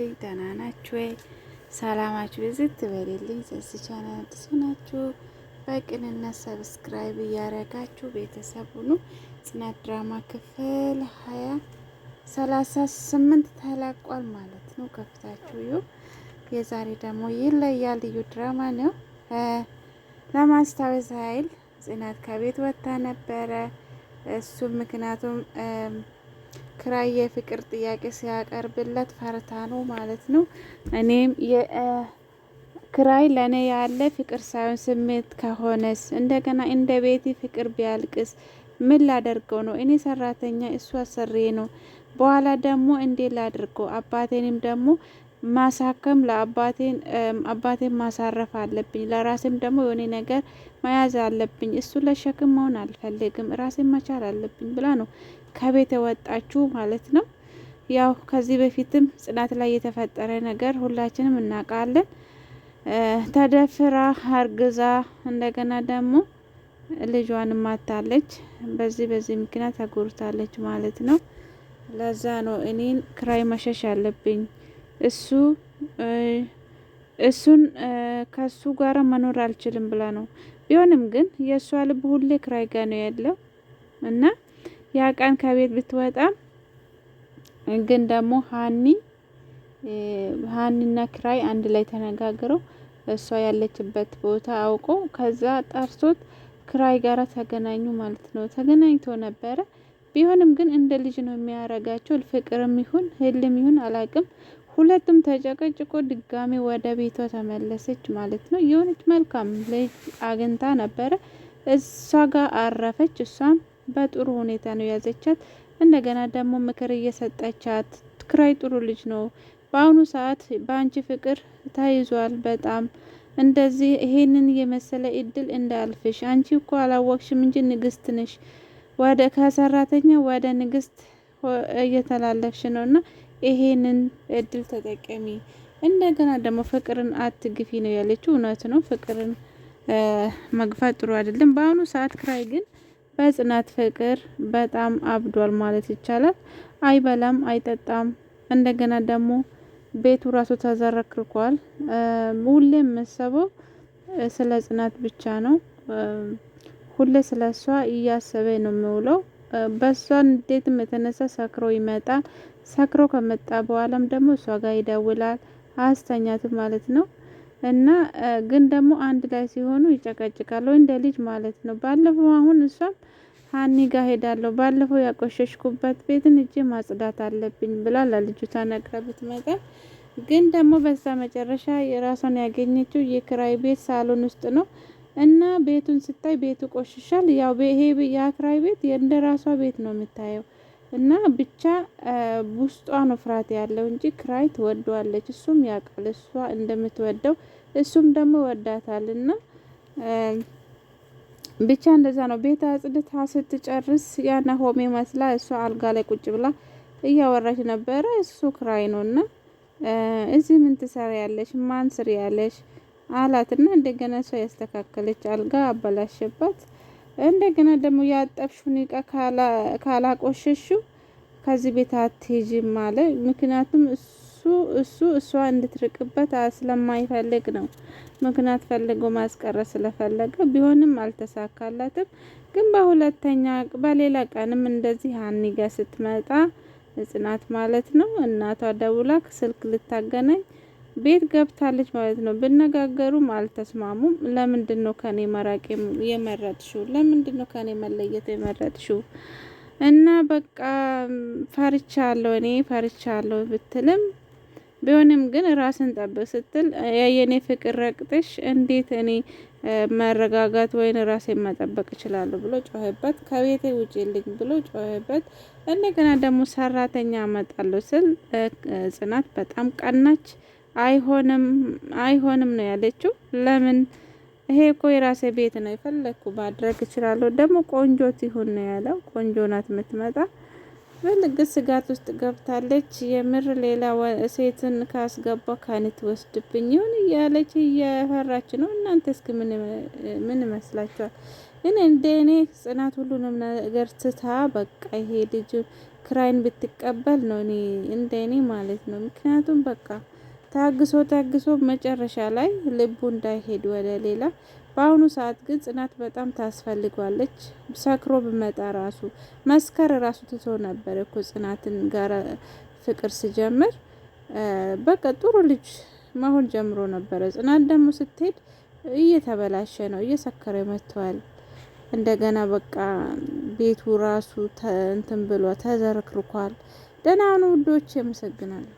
ናችሁ? ደህና ናችሁ ወይ? ሰላማችሁ ብዝት ትበልልኝ። ቻናል አዲስ ናችሁ በቅንነት ሰብስክራይብ እያረጋችሁ ቤተሰብ ሁኑ። ጽናት ድራማ ክፍል ሀያ ሰላሳ ስምንት ተለቋል ማለት ነው። ከፍታችሁ ዩ የዛሬ ደግሞ ይለያል ልዩ ድራማ ነው። ለማስታወስ ኃይል ጽናት ከቤት ወጥታ ነበረ። እሱ ምክንያቱም ክራይ የፍቅር ጥያቄ ሲያቀርብለት ፈርታ ነው ማለት ነው። እኔም ክራይ ለእኔ ያለ ፍቅር ሳይሆን ስሜት ከሆነስ እንደገና እንደ ቤቲ ፍቅር ቢያልቅስ ምን ላደርገው ነው? እኔ ሰራተኛ፣ እሱ አሰሬ ነው። በኋላ ደግሞ እንዴ ላድርገው? አባቴንም ደግሞ ማሳከም ለአባቴን አባቴን ማሳረፍ አለብኝ። ለራሴም ደግሞ የሆነ ነገር መያዝ አለብኝ። እሱ ለሸክም መሆን አልፈልግም። ራሴን መቻል አለብኝ ብላ ነው ከቤት የወጣችሁ ማለት ነው። ያው ከዚህ በፊትም ጽናት ላይ የተፈጠረ ነገር ሁላችንም እናውቃለን። ተደፍራ አርግዛ እንደገና ደግሞ ልጇን ማታለች። በዚህ በዚህ ምክንያት ተጎድታለች ማለት ነው። ለዛ ነው እኔን ክራይ መሸሽ አለብኝ እሱ እሱን ከሱ ጋር መኖር አልችልም ብላ ነው። ቢሆንም ግን የእሷ ልብ ሁሌ ክራይ ጋ ነው ያለው እና ያ ቀን ከቤት ብትወጣም ግን ደግሞ ሀኒ ሀኒና ክራይ አንድ ላይ ተነጋግረው እሷ ያለችበት ቦታ አውቆ ከዛ ጠርሶት ክራይ ጋራ ተገናኙ ማለት ነው። ተገናኝቶ ነበረ ቢሆንም ግን እንደ ልጅ ነው የሚያረጋቸው። ፍቅርም ይሁን ህልም ይሁን አላቅም። ሁለቱም ተጨቀጭቆ ድጋሚ ወደ ቤቷ ተመለሰች ማለት ነው። የሆነች መልካም ልጅ አግኝታ ነበረ። እሷ ጋር አረፈች። እሷም በጥሩ ሁኔታ ነው ያዘቻት። እንደገና ደግሞ ምክር እየሰጠቻት ትክራይ ጥሩ ልጅ ነው። በአሁኑ ሰዓት በአንቺ ፍቅር ተይዟል በጣም እንደዚህ ይሄንን የመሰለ እድል እንዳልፍሽ አንቺ እኮ አላወቅሽም እንጂ ንግስት ነሽ ወደ ከሰራተኛ ወደ ንግስት እየተላለፍሽ ነው እና ይሄንን እድል ተጠቀሚ። እንደገና ደግሞ ፍቅርን አትግፊ ነው ያለችው። እውነት ነው፣ ፍቅርን መግፋት ጥሩ አይደለም። በአሁኑ ሰዓት ክራይ ግን በጽናት ፍቅር በጣም አብዷል ማለት ይቻላል። አይበላም፣ አይጠጣም። እንደገና ደግሞ ቤቱ ራሱ ተዘረክርኳል። ሁሌም የምሰበው ስለ ጽናት ብቻ ነው። ሁሌ ስለ እሷ እያሰበ ነው የምውለው። በእሷ ንዴትም የተነሳ ሰክሮ ይመጣል። ሰክሮ ከመጣ በኋላም ደግሞ እሷ ጋር ይደውላል፣ አያስተኛትም ማለት ነው። እና ግን ደግሞ አንድ ላይ ሲሆኑ ይጨቀጭቃሉ፣ እንደ ልጅ ማለት ነው። ባለፈው አሁን እሷም ሀኒ ጋር ሄዳለሁ፣ ባለፈው ያቆሸሽኩበት ቤትን እጅ ማጽዳት አለብኝ ብላ ለልጅቷ ነግራ ብትመጣ ግን ደግሞ በዛ መጨረሻ የራሷን ያገኘችው የክራይ ቤት ሳሎን ውስጥ ነው። እና ቤቱን ስታይ ቤቱ ቆሽሻል። ያው ይሄ የአክራይ ቤት እንደ ራሷ ቤት ነው የምታየው። እና ብቻ ውስጧ ነው ፍርሃት ያለው እንጂ ክራይ ትወደዋለች። እሱም ያውቃል እሷ እንደምትወደው እሱም ደግሞ ወዳታል። እና ብቻ እንደዛ ነው። ቤት አጽድታ ስትጨርስ ያና ሆሜ መስላ እሷ አልጋ ላይ ቁጭ ብላ እያወራች ነበረ። እሱ ክራይ ነው እና እዚህ ምን ትሰሪ ያለሽ? ማን ስሪ ያለሽ? አላትና እንደገና እሷ ያስተካከለች አልጋ አበላሸባት። እንደገና ደግሞ ያጠብሽውን እቃ ካላቆሸሽው ከዚህ ቤት አትሄጂም አለ። ምክንያቱም እሱ እሱ እሷ እንድትርቅበት ስለማይፈልግ ነው። ምክንያት ፈልጎ ማስቀረት ስለፈለገ ቢሆንም አልተሳካላትም። ግን በሁለተኛ በሌላ ቀንም እንደዚህ አኒጋ ስትመጣ ጽናት ማለት ነው እናቷ ደውላ ስልክ ልታገናኝ ቤት ገብታለች ማለት ነው። ብነጋገሩም አልተስማሙም። ለምንድን ነው ከኔ መራቅ የመረጥሽው? ለምንድን ነው ከኔ መለየት የመረጥሽው? እና በቃ ፈርቻለሁ፣ እኔ ፈርቻለሁ ብትልም ቢሆንም ግን ራስን ጠብቅ ስትል የኔ ፍቅር ረቅጥሽ እንዴት እኔ መረጋጋት ወይን ራሴን መጠበቅ እችላለሁ ብሎ ጮህበት፣ ከቤቴ ውጭ ልኝ ብሎ ጮህበት። እንደገና ደግሞ ሰራተኛ አመጣለሁ ስል ጽናት በጣም ቀናች። አይሆንም አይሆንም ነው ያለችው። ለምን ይሄ እኮ የራሴ ቤት ነው የፈለግኩ ማድረግ እችላለሁ። ደግሞ ቆንጆ ትሁን ነው ያለው። ቆንጆ ናት የምትመጣ። በልግስ ስጋት ውስጥ ገብታለች። የምር ሌላ ሴትን ካስገባ ካንት ወስድብኝ ይሁን እያለች እየፈራች ነው። እናንተ እስኪ ምን ይመስላችኋል? እኔ እንደ እኔ ጽናት ሁሉንም ነገር ትታ በቃ ይሄ ልጅ ክራይን ብትቀበል ነው እኔ እንደ እኔ ማለት ነው። ምክንያቱም በቃ ታግሶ ታግሶ መጨረሻ ላይ ልቡ እንዳይሄድ ወደ ሌላ። በአሁኑ ሰዓት ግን ጽናት በጣም ታስፈልጓለች። ሰክሮ ብመጣ ራሱ መስከር ራሱ ትቶ ነበር እኮ ጽናትን ጋር ፍቅር ስጀምር በቃ ጥሩ ልጅ መሆን ጀምሮ ነበረ። ጽናት ደግሞ ስትሄድ እየተበላሸ ነው፣ እየሰከረ መጥተዋል። እንደገና በቃ ቤቱ ራሱ እንትን ብሎ ተዘርክርኳል። ደህና ሁኑ ውዶች፣ ያመሰግናለሁ።